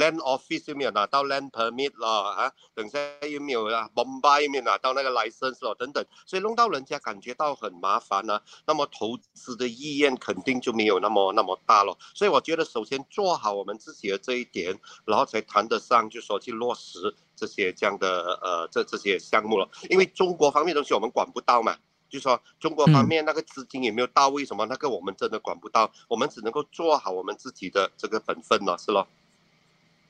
Land office 有沒有拿到 land permit 了？啊，等下有沒有啊 Bombay 沒有拿到那個 license 咯，等等，所以弄到人家感覺到很麻煩啊，那麼投資的意願肯定就沒有那麼那麼大咯，所以我覺得首先做好我們自己的這一點，然後才談得上就說去落實這些這樣的，呃，這這些項目咯，因為中國方面的東西我們管不到嘛，就說中國方面那個資金也沒有到位，什麼那個我們真的管不到、嗯，我們只能夠做好我們自己的這個本分了咯。是咯